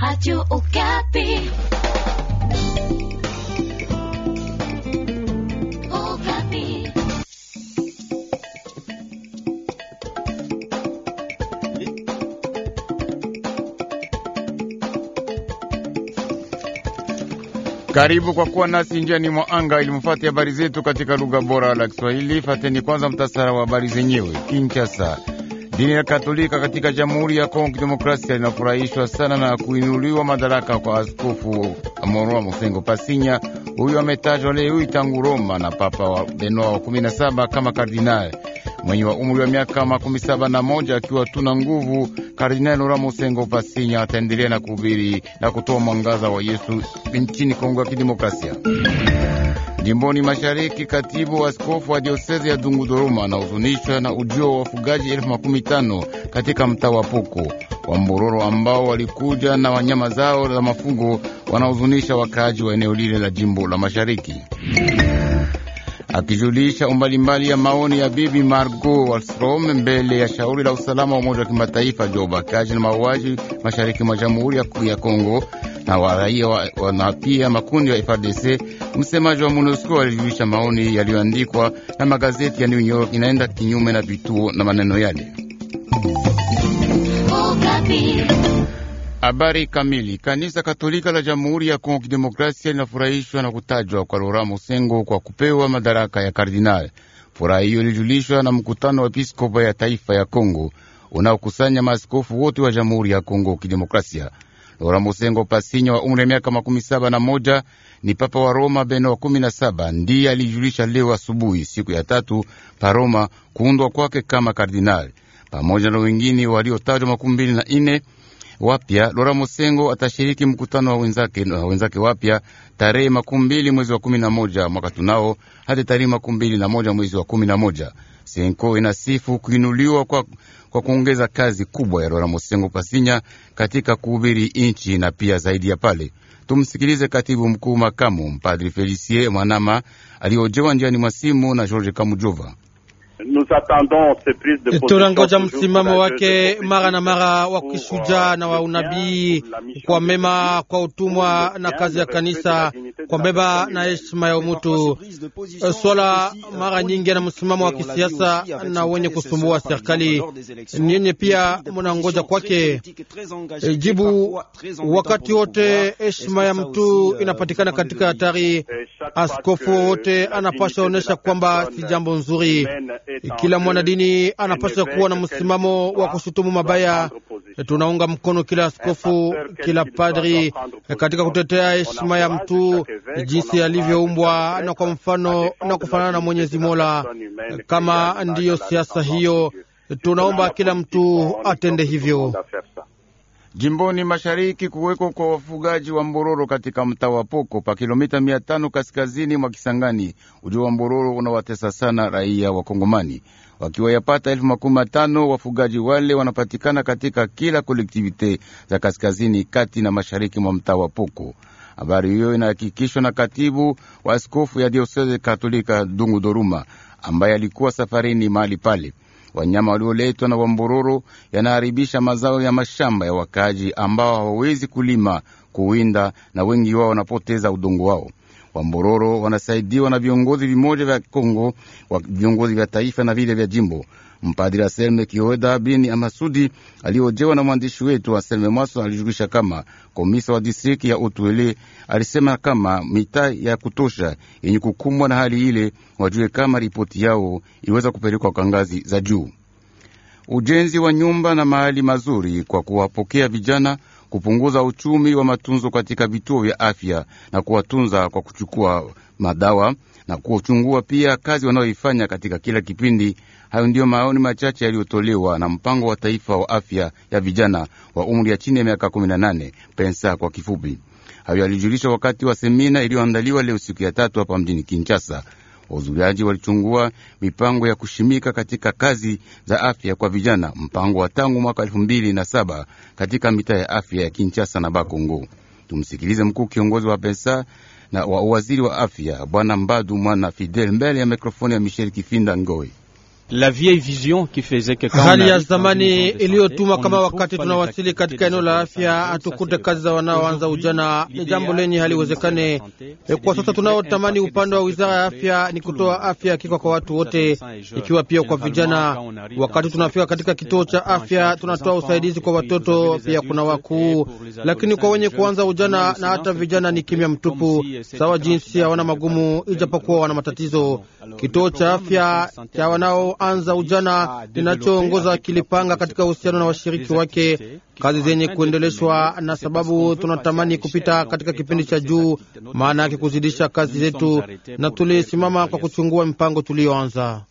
Radio Okapi. Karibu kwa kuwa nasi njiani mwa anga ili habari zetu katika lugha bora la Kiswahili. Fateni kwanza mtasara wa habari zenyewe. Kinshasa Dini ya Katolika katika Jamhuri ya Kongo Kidemokrasia linafurahishwa sana na kuinuliwa madaraka kwa Askofu Amoroa Musengo Pasinya. Huyu ametajwa leo tangu Roma na Papa wa Benoa wa 17 kama kardinali mwenye wa umri wa miaka makumi saba na moja akiwa tuna nguvu. Kardinali Laurent Musengo Pasinya ataendelea na kuhubiri na kutoa mwangaza wa Yesu nchini Kongo ya Kidemokrasia. Jimboni mashariki, katibu wa askofu wa diosezi ya Dungudoruma anahuzunishwa na ujio wa wafugaji elfu makumi tano katika mtaa wa Poko wa Mbororo ambao walikuja na wanyama zao la mafungo, wanahuzunisha wakaaji wa eneo lile la jimbo la mashariki. Akijulisha umbalimbali ya maoni ya bibi margo Wallstrom mbele ya shauri la usalama wa Umoja wa Kimataifa juu ya ubakaji na mauaji mashariki mwa Jamhuri ya Kongo, na waraia wa, wa, na pia makundi ya FARDC. Msemaji wa MONUSCO alijulisha maoni yaliyoandikwa na magazeti ya New York inaenda kinyume na vituo na maneno yale. Habari kamili. Kanisa Katolika la Jamhuri ya Kongo Kidemokrasia linafurahishwa na kutajwa kwa Laurent Musengo kwa kupewa madaraka ya kardinal. Furaha hiyo ilijulishwa na mkutano wa episkopa ya taifa ya Kongo unaokusanya maaskofu wote wa Jamhuri ya Kongo Kidemokrasia. Oramusengo Pasinya wa umri wa miaka makumi saba na moja ni papa wa Roma Beno wa kumi na saba ndiye alijulisha leo asubuhi, siku ya tatu pa roma kuundwa kwake kama kardinali, pamoja na wengine waliotajwa makumi mbili na ine wapya. Lora Mosengo atashiriki mkutano wa wenzake, na wenzake wapya tarehe makumi mbili mwezi wa kumi na moja mwaka tunao hadi tarehe makumi mbili na moja mwezi wa kumi na moja. Senko inasifu kuinuliwa kwa kwa kuongeza kazi kubwa ya Lora mosengo Pasinya katika kuhubiri inchi na pia zaidi ya pale. Tumsikilize katibu mkuu makamu Mpadri Felicie Mwanama aliyojewa njiani mwa simu na George Kamujova. Tunangoja msimamo wake mara na mara wa kishujaa euh, na wa unabii, kwa mema, kwa utumwa na kazi ya kanisa kwa mbeba na heshima ya umutu. Eh, swala mara nyingi na msimamo wa kisiasa na wenye kusumbua serikali, nyenye pia mnangoja kwake eh, jibu wakati wote. Heshima ya mtu inapatikana katika hatari. Askofu wowote anapasha onyesha kwamba si jambo nzuri. Kila mwanadini anapasha kuwa na msimamo wa kushutumu mabaya Tunaunga mkono kila askofu, eh, kila padri katika kutetea heshima ya mtu jinsi alivyoumbwa na kwa mfano na kufanana na Mwenyezi Mola. Kama ndiyo siasa hiyo, tunaomba kila mtu atende hivyo. Jimboni mashariki kuwekwa kwa wafugaji wa mbororo katika mtaa wa Poko pa kilomita mia tano kaskazini mwa Kisangani. Ujio wa mbororo unawatesa sana raia wa Kongomani wakiwayapata elfu makumi matano. Wafugaji wale wanapatikana katika kila kolektivite za kaskazini, kati na mashariki mwa mtaa wa Poko. Habari hiyo inahakikishwa na katibu wa askofu ya dioseze katolika Dungu Doruma ambaye alikuwa safarini mahali pale. Wanyama walioletwa na wambororo yanaharibisha mazao ya mashamba ya wakaaji ambao hawawezi kulima, kuwinda na wengi wao wanapoteza udongo wao wa Mbororo wanasaidiwa na viongozi vimoja vya Kongo, wa viongozi vya taifa na vile vya jimbo. Mpadiri Aselme Kioeda Bini Amasudi aliojewa na mwandishi wetu Aselme Mwaso alijulisha kama komisa wa distriki ya Otwele alisema kama mitaa ya kutosha yenye kukumbwa na hali ile wajue kama ripoti yao iweza kupelekwa kwa ngazi za juu. Ujenzi wa nyumba na mahali mazuri kwa kuwapokea vijana kupunguza uchumi wa matunzo katika vituo vya afya na kuwatunza kwa kuchukua madawa na kuchungua pia kazi wanayoifanya katika kila kipindi. Hayo ndiyo maoni machache yaliyotolewa na mpango wa taifa wa afya ya vijana wa umri ya chini ya miaka 18 pensa kwa kifupi. Hayo yalijulishwa wakati wa semina iliyoandaliwa leo siku ya tatu hapa mjini Kinshasa Wahudhuriaji walichungua mipango ya kushimika katika kazi za afya kwa vijana, mpango wa tangu mwaka elfu mbili na saba katika mitaa ya afya ya Kinshasa na Bakongo. Tumsikilize mkuu kiongozi wa pesa na wa waziri wa afya Bwana Mbadu Mwana Fidel mbele ya mikrofoni ya Michel Kifinda Ngoe. La vieille vision qui faisait que hali ya zamani iliyotuma kama wakati tunawasili katika eneo la afya hatukute kazi za wanaoanza ujana, ni jambo lenye haliwezekane kwa sasa. Tunaotamani upande wa wizara ya afya ni kutoa afya hakika kwa watu wote, ikiwa pia kwa vijana. Wakati tunafika katika kituo cha afya, tunatoa usaidizi kwa watoto, pia kuna wakuu, lakini kwa wenye kuanza ujana na hata vijana ni kimya mtupu, sawa jinsi hawana magumu, ijapokuwa wana matatizo. Kituo cha afya cha wanao anza ujana ah, linachoongoza kilipanga katika uhusiano na washiriki wake kazi zenye kuendeleshwa, na sababu tunatamani kupita katika kipindi cha juu, maana yake kuzidisha kazi zetu, na tulisimama kwa kuchungua mipango tuliyoanza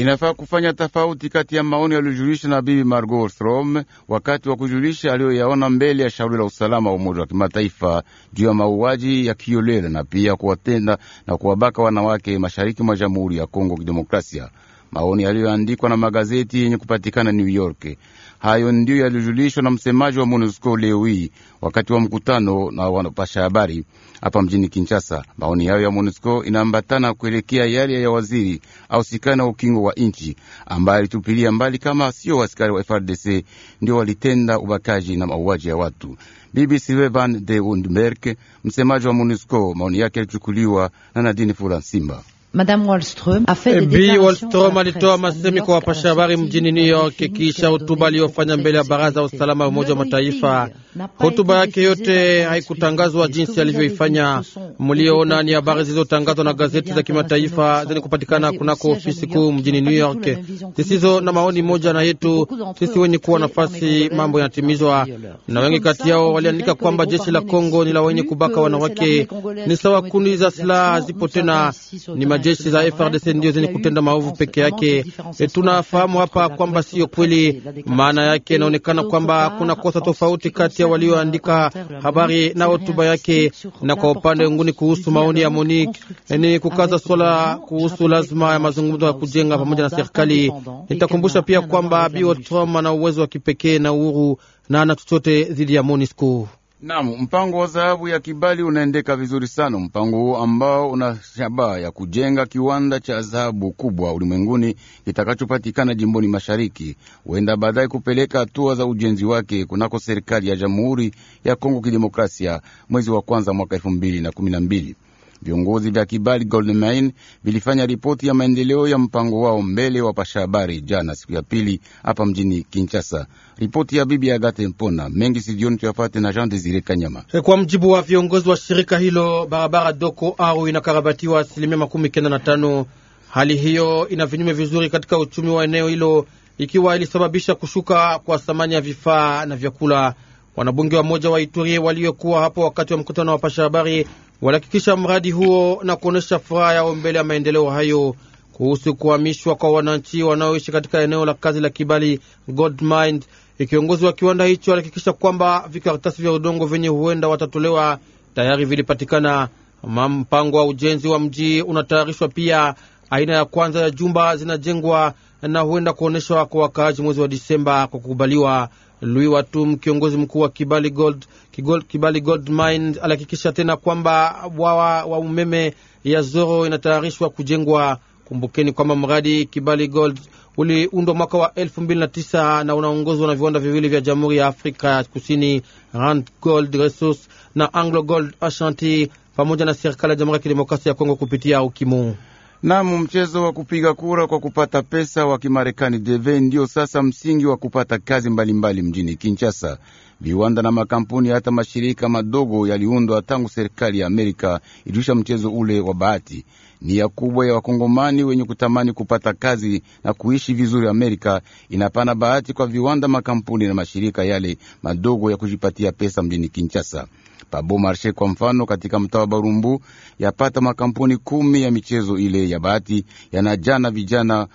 inafaa kufanya tofauti kati ya maoni yaliyojulisha na bibi Margot Strom wakati wa kujulisha aliyoyaona mbele ya shauri la usalama wa Umoja wa Kimataifa juu ya mauaji ya kiolela na pia kuwatenda na kuwabaka wanawake mashariki mwa Jamhuri ya Kongo Kidemokrasia maoni yaliyoandikwa na magazeti yenye kupatikana New York. Hayo ndiyo yalijulishwa na msemaji wa MONUSCO leo hii wakati wa mkutano na wanapasha habari hapa mjini Kinshasa. Maoni yayo ya MONUSCO inaambatana kuelekea yale ya waziri ausikana wa ukingo wa nchi ambaye alitupilia mbali kama sio askari wa FRDC ndio walitenda ubakaji na mauaji ya watu. Bibi Sylvie de Wonberg, msemaji wa MONUSCO, maoni yake yalichukuliwa na Nadine Fulansimba. Madame Wallström a fait Bi Wallström alitoa masemi kwa wapasha habari mjini New York kisha hotuba aliyofanya mbele ya baraza usalama ya Umoja wa Mataifa. Hotuba yake yote haikutangazwa jinsi alivyoifanya. Mlioona ni habari zilizotangazwa na gazeti za kimataifa zenye kupatikana kunako ofisi kuu mjini New York, zisizo na maoni moja na yetu sisi wenye kuwa nafasi. Mambo yanatimizwa na wengi kati yao waliandika kwamba jeshi la Kongo ni la wenye kubaka wanawake, ni sawa kundi za silaha zipo tena ni jeshi za FRDC ndio zenye kutenda maovu peke yake. Tunafahamu hapa kwamba siyo kweli. Maana yake inaonekana kwamba kuna kosa tofauti kati ya walioandika habari na hotuba yake, na kwa upande wengine kuhusu maoni ya Monique ni kukaza swala kuhusu lazima ya mazungumzo ya kujenga pamoja na serikali. Nitakumbusha pia kwamba Biotrom ana uwezo wa kipekee na uhuru na ana chochote dhidi ya Monisco. Naam, mpango wa dhahabu ya Kibali unaendeka vizuri sana. Mpango huo ambao una shabaha ya kujenga kiwanda cha dhahabu kubwa ulimwenguni kitakachopatikana jimboni mashariki, huenda baadaye kupeleka hatua za ujenzi wake kunako serikali ya Jamhuri ya Kongo Kidemokrasia mwezi wa kwanza mwaka elfu mbili na kumi na mbili. Viongozi vya Kibali Golden Mine vilifanya ripoti ya maendeleo ya mpango wao mbele pasha habari jana, siku ya pili hapa mjini Kinshasa. Ripoti ya bibi Agate Mpona mengi sidioni tuyafate na Jean Desire Kanyama. Eh, kwa mjibu wa viongozi wa shirika hilo, barabara doko au inakarabatiwa asilimia makumi kenda na tano. Hali hiyo ina vinyume vizuri katika uchumi wa eneo hilo, ikiwa ilisababisha kushuka kwa thamani ya vifaa na vyakula. Wanabunge wa moja wa Ituri waliokuwa hapo wakati wa mkutano wa pasha habari walihakikisha mradi huo na kuonyesha furaha yao mbele ya maendeleo hayo. Kuhusu kuhamishwa kwa wananchi wanaoishi katika eneo la kazi la Kibali Goldmine, kiongozi wa kiwanda hicho alihakikisha kwamba vikaratasi vya udongo vyenye huenda watatolewa tayari vilipatikana. Mpango wa ujenzi wa mji unatayarishwa pia. Aina ya kwanza ya jumba zinajengwa na huenda kuonyeshwa kwa wakaaji mwezi wa Disemba kwa kukubaliwa. Louis Watum, kiongozi mkuu wa Kibali Gold, Kigol, Kibali Gold Mine alihakikisha tena kwamba bwawa wa umeme ya Zoro inatayarishwa kujengwa. Kumbukeni kwamba mradi Kibali Gold uliundwa mwaka wa 2009 na unaongozwa na viwanda viwili vya Jamhuri ya Afrika ya Kusini, Rand Gold Resource na Anglo Gold Ashanti pamoja na serikali ya Jamhuri ya Kidemokrasia ya Kongo kupitia Ukimu. Namu, mchezo wa kupiga kura kwa kupata pesa wa Kimarekani deve ndiyo sasa msingi wa kupata kazi mbalimbali mbali mjini Kinshasa viwanda na makampuni hata mashirika madogo yaliundwa tangu serikali ya Amerika ilirusha mchezo ule wa bahati. ni ya kubwa ya wakongomani wenye kutamani kupata kazi na kuishi vizuri Amerika inapana bahati kwa viwanda, makampuni na mashirika yale madogo ya kujipatia pesa mjini Kinshasa. Pabo Marshe kwa mfano, katika mtaa wa Barumbu yapata makampuni kumi ya michezo ile ya bahati yanajana vijana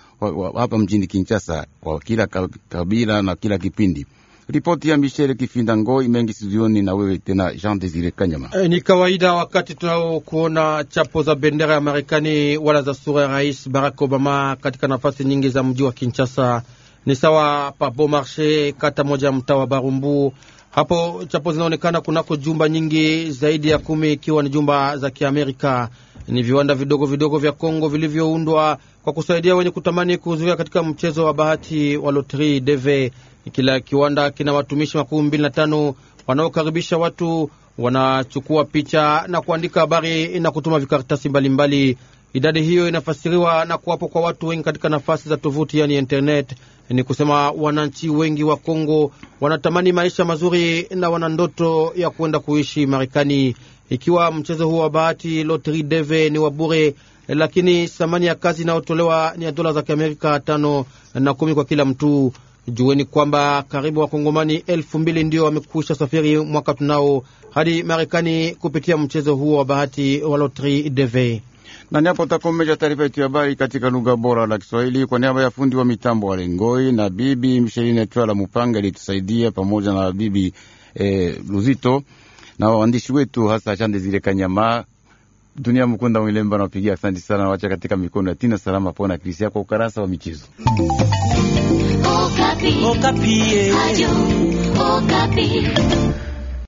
hapa mjini Kinshasa kwa kila kabila na kila kipindi. Ripoti ya Michel Kifinda Ngoi mengi studioni na wewe tena Jean Desire Kanyama. E, ni kawaida wakati tunao kuona chapo za bendera ya Marekani wala za sura ya Rais Barack Obama katika nafasi nyingi za mji wa Kinshasa ni sawa pa Marche, kata moja ya mtaa wa Barumbu. Hapo chapo zinaonekana kunako jumba nyingi zaidi ya kumi, ikiwa ni jumba za Kiamerika. Ni viwanda vidogo vidogo vya Kongo vilivyoundwa kwa kusaidia wenye kutamani kuhudhuria katika mchezo wa bahati wa loteri deve kila kiwanda kina watumishi makumi mbili na tano wanaokaribisha watu, wanachukua picha na kuandika habari na kutuma vikaratasi mbalimbali. Idadi hiyo inafasiriwa na kuwapo kwa watu wengi katika nafasi za tovuti, yani internet. Ni kusema wananchi wengi wa Kongo wanatamani maisha mazuri na wana ndoto ya kwenda kuishi Marekani. Ikiwa mchezo huo wa bahati loteri deve ni wa bure, lakini thamani ya kazi inayotolewa ni ya dola za Kiamerika tano na kumi kwa kila mtu. Jueni kwamba karibu wakongomani elfu mbili ndio wamekwisha safiri mwaka tunao hadi Marekani kupitia mchezo huo wa bahati wa lotri dv na ni hapo takomesha taarifa yetu ya habari katika lugha bora la Kiswahili kwa niaba ya fundi wa mitambo wa Lengoi na bibi Msheline Twala Mupanga ilitusaidia pamoja na bibi eh, Luzito na waandishi wetu hasa Chande Zile Kanyama Dunia Mkunda Mwilemba, nawapigia asanti sana, wacha katika mikono ya Tina Salama Pona Krisia kwa ukarasa wa michezo Okapi. Okapi.